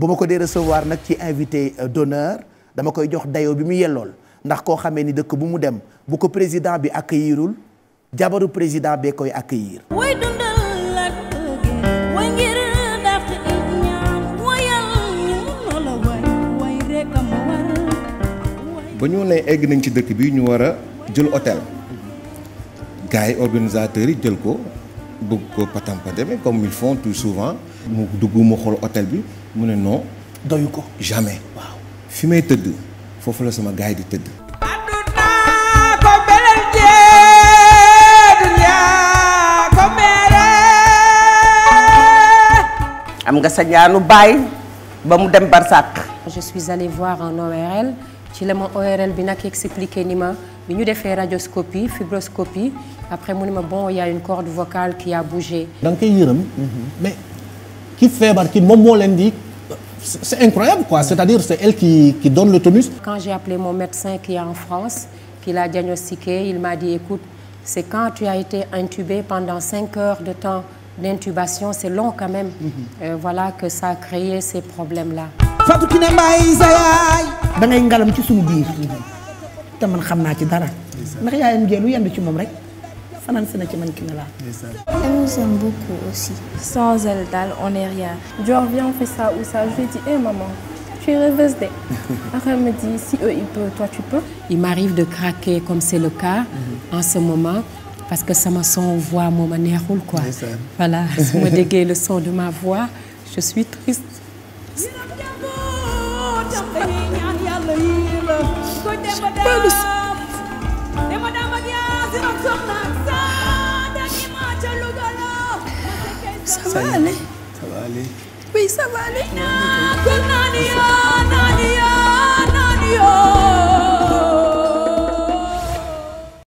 bu ma ko dee recevoir nag ci invité euh, d'honneur dama koy jox dayo bi mu yellool ndax koo xamee ni dëkk bu mu dem bu ko président bi accueillirul jabaru président bee koy accueillir ba ñu ne egg nañ ci dëkk bi ñu war a jël hôtel gars yi organisateurs yi jël ko bëgg ko patampante mais comme ils font tout souvent. mu dugg mu xool hôtel bi mu ne non. doyu ko jamais. waaw fi may tëdd foofu la sama gaay di tëdd. am nga sa ñaanu baay ba mu dem barsàq. je suis allée voir un ORL. ci la ma ORL bi nag expliqué ni ma bi ñu defee radioscopie fibroscopie après mu ni ma bon y a une corde vocale qui a bougé. da nga koy yërëm. mais ki feebar ki moom moo leen di. c'est incroyable quoi c'est-à-dire c'est elle qui qui donne le tonus. quand j'ai appelé mon médecin qui est en France qui l'a diagnostiqué il m'a dit écoute c'est quand tu as été intubé pendant cinq heures de temps d'intubation c'est long quand même. Mm-hmm. euh, voilà que ça a créé ces problèmes-là. Fatou Kiné Mbaye sa yaay da ngay ngalam ci suñu biir te man xam naa ci dara ndax yaayam jee lu yendu ci moom rek fanaan si na ci man Kiné laa elle nous aime beaucoup je lui eh, de après me dit si eux ils peuvent toi tu peux il m'arrive de craquer comme c'est le cas mhm. en ce moment parce que sama son voix moo neexul quoi voilà su ma déggee le son de ma voix je suis triste Balus ça va aller ça va aller